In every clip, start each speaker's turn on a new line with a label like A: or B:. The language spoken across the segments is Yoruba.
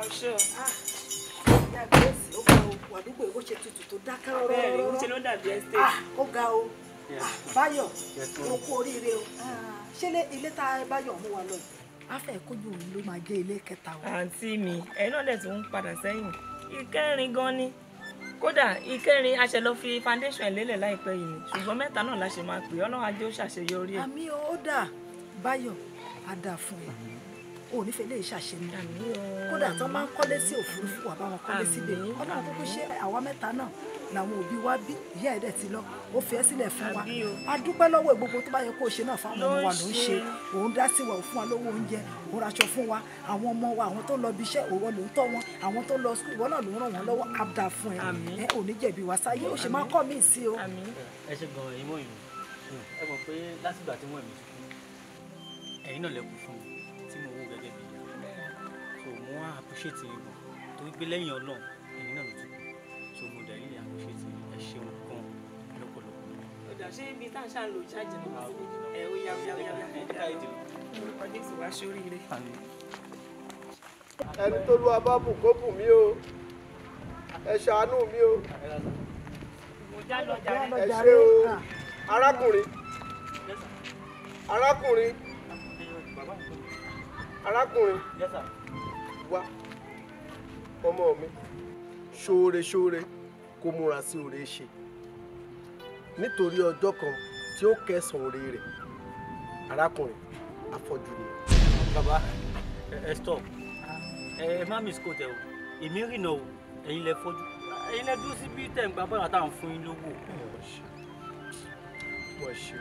A: Ah. àdúgbò ìwọ ṣe tutù tó dákẹ́ rọ́rọ́ bẹ́ẹ̀ ni oúnjẹ ló dàbí ẹ́stéètì. Ah, ó ga o ah, báyọ̀ o kú oríire o ṣé ilé tá a báyọ̀ mú wa lọ yìí a fẹ́ kójú òun ló máa jẹ́ ilé kẹta o. àǹtí
B: mi ẹ náà dẹ̀ tún ń padà sẹ́yìn ìkẹrin gan ni kódà ìkẹrin a ṣe lọ fi foundation lélẹ̀ láìpẹ́ yìí ṣùgbọ́n mẹ́ta náà la ṣe máa pè ọ́ ajé ó ṣàṣeyọrí ẹ̀.
A: àmì ó dà báyọ̀ á dà fún ẹ o nífẹ̀ẹ́ lè ṣàṣemọ kódà tó máa ń kọ́lé sí òfurufú wà báwọn kọ́lé síbẹ̀ ọlọ́run kúkú ṣe àwa mẹ́ta náà làwọn òbí wa bí ìyá ẹ̀dẹ̀ ti lọ ó fi ẹ́ sílẹ̀ fún wa a dúpẹ́ lọ́wọ́ gbogbo tó bá yẹ kó o ṣe náà fáwọn ọmọ wa ló ń ṣe òun dá sí wa òun wa lówó oúnjẹ òun raṣọ fún wa àwọn ọmọ wa àwọn tó lọ bí iṣẹ́ òwò ló ń tọ́ wọn àwọn tó lọ sùkúl ìwọ ló ń ràn wọ́n lọ́wọ́ abdá fún ẹ ẹ ò ní jẹ̀bi wá sáyé ó ṣe máa kọ́ mí sí o.
B: ẹ ṣe gan-an ẹ̀yin yìí ẹ mọ̀ pé látìgbà tí wọ́n mi ẹ̀yin náà lẹ́kùn fún mi appreciate yín gan torí pé lẹ́yìn ọlọ́run ẹ̀yin náà ló tún kù so mo dẹ̀ really appreciate yín ẹ ṣeun gan lọ́pọ̀lọpọ̀. ọ̀dà ṣé ibi tá a ṣáà lò ṣáàjì náà ẹ̀ ó yá yá yá yá orúkọ jésù
C: wá sóríire. ẹni tó lu abábù kó bù mí o ẹ ṣàánú mi o ẹ ṣe o arákùnrin arákùnrin arákùnrin wa ọmọ mi ṣoore ṣoore kó múra sí oore ṣe nítorí ọjọ́ kan tí ó kẹsàn-án oore rẹ̀ arákùnrin afọ́jú ni.
B: bàbá ẹ stop ẹ má miss kò tẹ o èmi rìnà o ẹ̀yin lẹ fọ́jú
C: ẹ̀yin lẹ dúró síbi tẹ̀ ń gba bọ́ọ̀lù
B: àtàwọn fún yín lówó.
C: wọ́n ṣe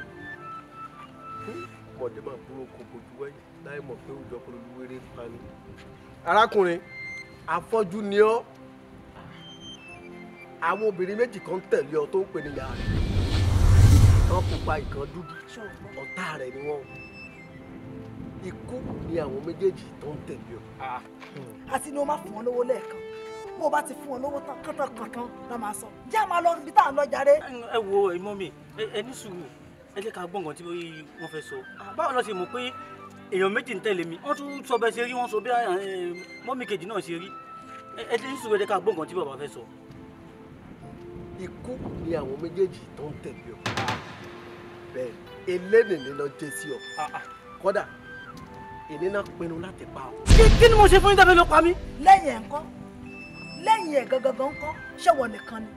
C: mọ̀dé máa búrò kò bójú wáyé láì mọ̀ pé òjò kò lórí wéré pa ni. arákùnrin afọ́jú ni ọ́ àwọn obìnrin méjì kan tẹ̀lé ọ tó ń pè níyà rẹ̀ wọ́n pupa ìkan dúdú ọ̀tá rẹ̀ ni wọ́n ikú ni àwọn méjèèjì tó ń tẹ̀lé ọ. àti ah. ni o máa fún wọn lówó lẹ́ẹ̀kan bó o
A: bá ti fún wọn lówó tán kọ́tọ̀kọ̀tán la máa sọ jẹ́ àmọ́ lọ ibi tá à ń lọ jàre. ẹ wo ìmọ̀ mi
B: ẹ ní sùúrù ẹ jẹ́ ká gbọ́ nǹkan tí wọ́n fẹ́ sọ ah. báwo lọ ṣe mọ̀ pé èèyàn méjì ń tẹ̀lé mi wọ́n tún sọ bẹ́ẹ̀ ṣe rí wọ́n sọ bí mọ́mì kejì náà ṣe rí ẹ ti ń sùn wẹ́rẹ́ ká
C: gbọ́ nǹkan tí bàbá fẹ́ sọ. ikú ni àwọn méjèèjì tó ń tẹ̀lé ọ bẹ́ẹ̀ elénìí lọ jẹ́ sí ọ ah, ah. kódà èmi náà pinnu láti pa ọ. kí ni mo ṣe fún yín dábẹ́ ló pa mí.
A: lẹ́yìn ẹ̀ ń kọ́ lẹ́yìn ẹ̀ gangan ń kọ́ ṣẹ̀wọ̀ nìkan ni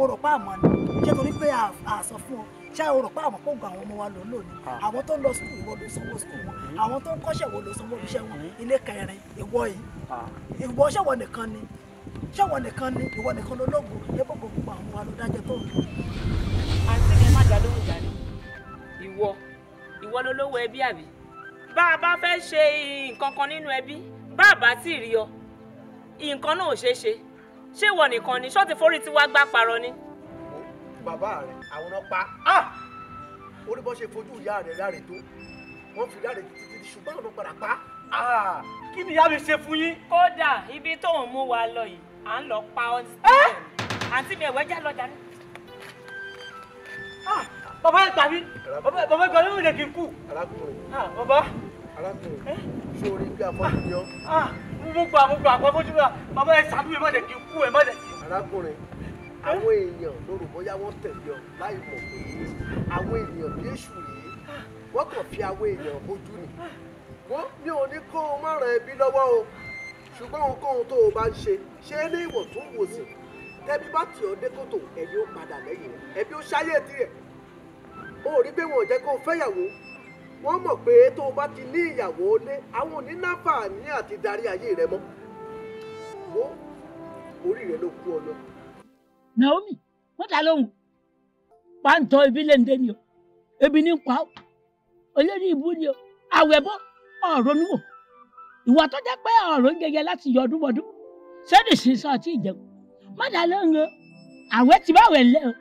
A: o rò pa àmọ́ ni ṣé torí pé a sọ fún ọ ṣé o rò pé àwọn kò gba àwọn ọmọ wa lò lò ní ah. àwọn tó ń lọ sùkúl ìwọ ló sanwó sùkúl wọn hmm. àwọn tó ń kọ́ṣẹ́ ìwọ ló sanwó iṣẹ́ wọn hmm. ilé kẹrin ìwọ yìí ah. ìwọ ṣẹ̀wọ̀ nìkan ni ṣẹ̀wọ̀ nìkan ni ìwọ nìkan ló lóògùn ebó gbogbo àwọn wa ló dájẹ́ tó ń lò. àǹtí mi má
B: dàdó ìgbà ni ìwọ ìwọ ló lówó ẹbí àbí bá a bá fẹ́ ṣe nǹkan kan nínú ẹbí bá a bá tí ì rí ọ nǹkan náà ò ṣeé ṣe ṣé ìwọ nìkan ni ṣọ́ọ̀tì forí tiwa gbá parọ́ ni
C: bàbá rẹ̀ àwọn ọ̀pá ah! ó ní bọ́ ṣe fojú ìyá rẹ̀ láre tó wọ́n fi láre títí ṣùgbọ́n àwọn padà pa. Ah! kí ni ìyá
B: mi ṣe fún yín. kódà ibi tóun mú wa lọ yìí à ń lọ pa ọ eh! sí tẹ́lẹ̀ àǹtí mi ẹ̀wẹ́ já lọ dání.
C: Ah! bàbá ẹ̀ tàbí bàbá ìgbà lóyún lè kí n kú. arákùnrin bàbá. arákùnrin eh? ṣé orí bí afọ́jú ni ọ́. mo gbà mo gbà àpapọ̀ jùlọ bàbá ẹ̀ sàbí mi má lè kí n kú ẹ̀ má lè kí n kú. arákùnrin àwọn èèyàn ló rò bóyá wọ́n tẹ̀lé ọ láì mọ̀ pé àwọn èèyàn bí èṣù yìí wọ́n kàn fi àwọn èèyàn bójú ni wọ́n ní òní kó o má ràn ẹbí lọ́wọ́ o ṣùgbọ́n ohunkóhun tó o bá ń ṣe ṣe é ní ìwọ̀ntúnwòsì tẹ́bí bá tì ọ́ dé kòtò ẹ̀bí ó padà lẹ́yìn rẹ̀ ẹ̀bí ó ṣáyé tirẹ̀ o rí pé wọn ò jẹ́ kó o fẹ́yàwó wọ́n mọ̀ pé tó o bá ti ní ìyàwó lé àwọn onínáfààní àti darí ayé rẹ mọ́ wo orí rẹ ló kú ọ lọ
B: Naomi wọn dá lóhùn pàǹtọ ibi lẹ́ǹdẹ́ ni o ebi ní pa ó olórí ìbú ni o àwẹ̀ bọ́ ọ̀rọ̀ níwò ìwà tó jẹ́ pé ọ̀rọ̀ ń jẹjẹ láti yọ ọdún bọ́dún sẹ́ni sísọ àti ìjẹun má dá lóhùn o àwẹ̀ ti bá wẹ̀ lẹ́ o.